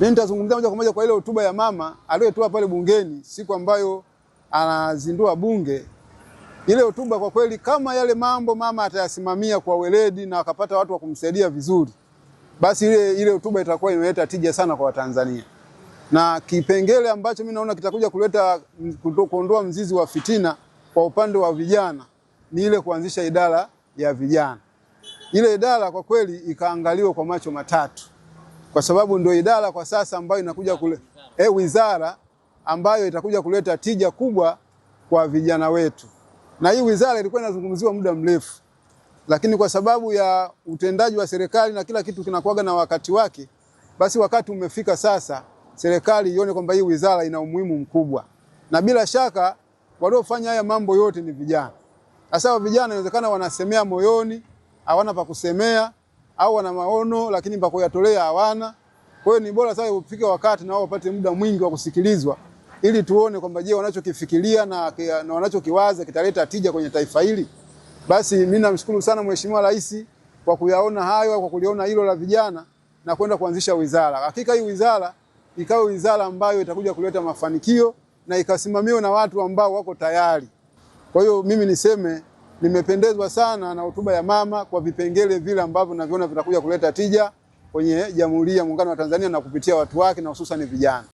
Mimi nitazungumzia moja kwa moja kwa ile hotuba ya mama aliyotoa pale bungeni siku ambayo anazindua bunge. Ile hotuba kwa kweli, kama yale mambo mama atayasimamia kwa weledi na akapata watu wa kumsaidia vizuri, basi ile ile hotuba itakuwa imeleta tija sana kwa Watanzania, na kipengele ambacho mimi naona kitakuja kuleta kuondoa mzizi wa fitina kwa upande wa vijana ni ile kuanzisha idara ya vijana. Ile idara kwa kweli ikaangaliwa kwa macho matatu kwa sababu ndio idara kwa sasa ambayo inakuja kule, eh, wizara ambayo itakuja kuleta tija kubwa kwa vijana wetu. Na hii wizara ilikuwa inazungumziwa muda mrefu, lakini kwa sababu ya utendaji wa serikali na kila kitu kinakuwaga na wakati wake, basi wakati umefika sasa serikali ione kwamba hii wizara ina umuhimu mkubwa, na bila shaka waliofanya haya mambo yote ni vijana. Sasa vijana inawezekana wanasemea moyoni, hawana pa kusemea au wana maono lakini pa kuyatolea hawana. Kwa hiyo ni bora sasa ufike wakati na wao wapate muda mwingi wa kusikilizwa, ili tuone kwamba je, wanachokifikiria na, na wanachokiwaza kitaleta tija kwenye taifa hili. Basi mimi namshukuru sana Mheshimiwa Rais kwa kuyaona hayo, kwa kuliona hilo la vijana na kwenda kuanzisha wizara. Hakika hii wizara ikawe wizara ambayo itakuja kuleta mafanikio na ikasimamiwa na watu ambao wako tayari. Kwa hiyo mimi niseme Nimependezwa sana na hotuba ya mama kwa vipengele vile ambavyo naviona vitakuja kuleta tija kwenye Jamhuri ya Muungano wa Tanzania na kupitia watu wake na hususan vijana.